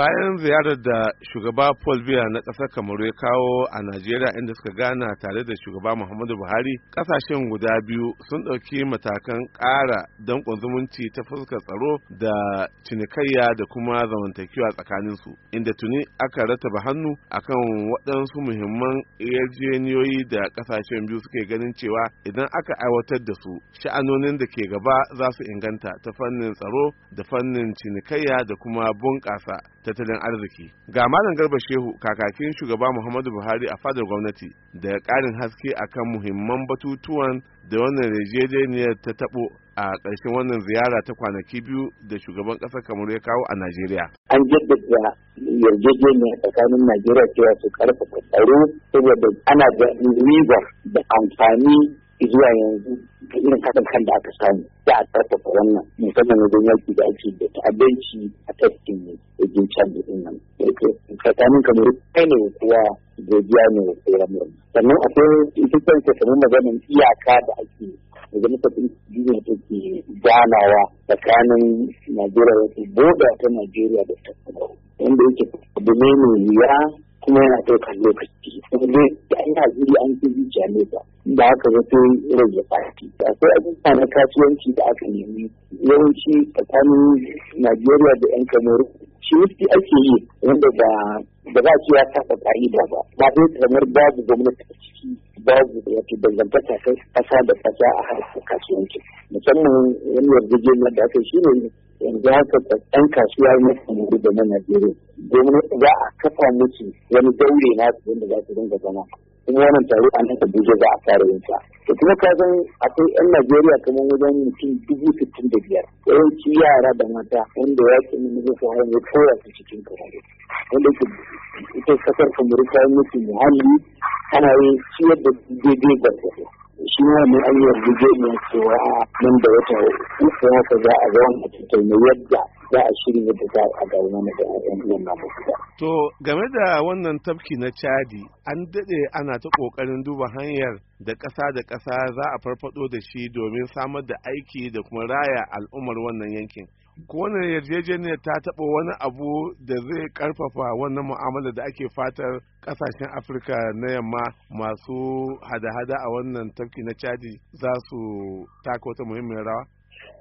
bayan ziyarar da shugaba paul biya na ƙasar kamaru ya kawo a najeriya inda suka gana tare da shugaba muhammadu buhari ƙasashen guda biyu sun ɗauki matakan ƙara danƙon zumunci ta fuskar tsaro da cinikayya da kuma zamantakewa tsakanin su inda tuni aka rataba hannu akan waɗansu muhimman yarjejeniyoyi da ƙasashen biyu suke ganin cewa idan aka aiwatar da su sha'anonin da ke gaba za su inganta ta fannin tsaro da fannin cinikayya da kuma bunƙasa tattalin arziki ga malam garba shehu kakakin shugaba muhammadu buhari a fadar gwamnati da ƙarin haske akan muhimman batutuwan da wannan rejejeniyar ta tabo a ƙarshen wannan ziyara ta kwanaki biyu da shugaban ƙasar kamar ya kawo a najeriya an jaddada yarjejeniya tsakanin najeriya cewa su karfafa tsaro saboda ana da riba da amfani zuwa yanzu ta irin haɗin kan da aka samu Ya a ƙarfafa wannan musamman don yaƙi da ake da ta'addanci a tafkin da can da ɗin nan. Tsakanin kamar kai ne kuwa godiya ne wa tsoron murna. Sannan akwai ita kanta kamar maganin iyaka da ake zama nufafin jirgin da ke ganawa tsakanin Najeriya da ke boda ta Najeriya da ta Kamaru. Wanda yake abu ne mai kuma yana ɗaukar lokaci saboda da an yi an fi zuciya ne ba da haka ba sai rage fati akwai abubuwa na kasuwanci da aka nemi yawanci tsakanin najeriya da yan kamaru ciniki ake yi wanda ba da ba ce ya saba ka'ida ba ba sai kamar babu gwamnati a ciki babu wato dangantaka kasa da ƙasa a harkar kasuwanci musamman wani yarjejeniyar da aka shi ne yanzu haka ɗan kasuwa na kamar da na Najeriya domin za a kafa musu wani daure na wanda za su dinga zama kuma wannan taro a nan buje za a fara yin sa to kuma ka san akwai 'yan Najeriya kamar wajen mutum dubu sittin da biyar yawanci yara da mata wanda ya ce nuna zai fara ya koya su cikin kamaru wanda ke ita kasar kamaru ta yi muhalli ana yin ciyar da daidai gargaɗi shi ma ne mai cewa nan da wata uku haka za a zauna tattauna yadda za a shirya da za a gaba na da ƴan uwan na To game da wannan tafki na Chadi an daɗe ana ta ƙoƙarin duba hanyar da ƙasa da ƙasa za a farfado da shi domin samar da aiki da kuma raya al'ummar wannan yankin. ko wannan yarjejeniyar ta taɓa wani abu da zai karfafa wannan mu'amala da ake fatar kasashen afirka na yamma masu hada-hada a wannan tafki na chadi za su taka wata muhimmiyar rawa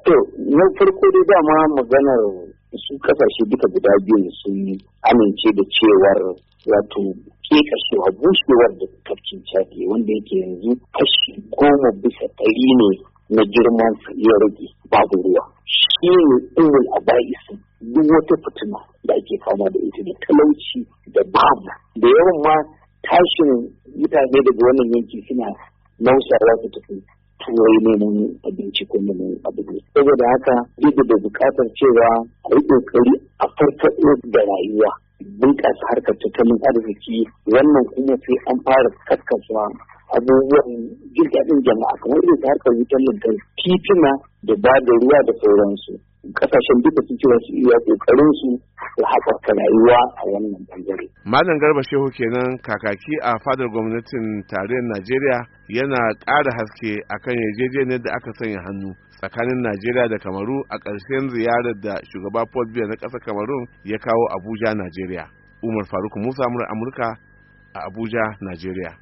to na farko dai dama maganar su kasashe duka guda biyu sun amince da cewar wato kekashewa bushewar da tafkin chadi wanda yake yanzu kashi goma bisa ɗari ne na girman ya rage babu ruwa shi ne ɗin a ba'isin duk wata fitina da ake fama da ita da talauci da babu da yawan ma tashin mutane daga wannan yanki suna nausawa su tafi turai neman abinci ko neman abinci saboda haka duk da bukatar cewa a yi kokari a farfaɗo da rayuwa bunƙasa harkar tattalin arziki wannan kuma sai an fara kaskasa abubuwan jirgin jama'a kamar irin ta harkar wutar lantarki tituna da ba da ruwa da sauransu kasashen duka sun ce wasu iya kokarin su da haɓaka rayuwa a wannan bangare. Malam Garba Shehu kenan kakaki a fadar gwamnatin tarayyar Najeriya yana ƙara haske akan yarjejeniyar da aka sanya hannu tsakanin Najeriya da Kamaru a ƙarshen ziyarar da shugaba Paul Biya na ƙasar kamaru ya kawo Abuja, Najeriya. Umar Faruk Musa Amurka a Abuja, Najeriya.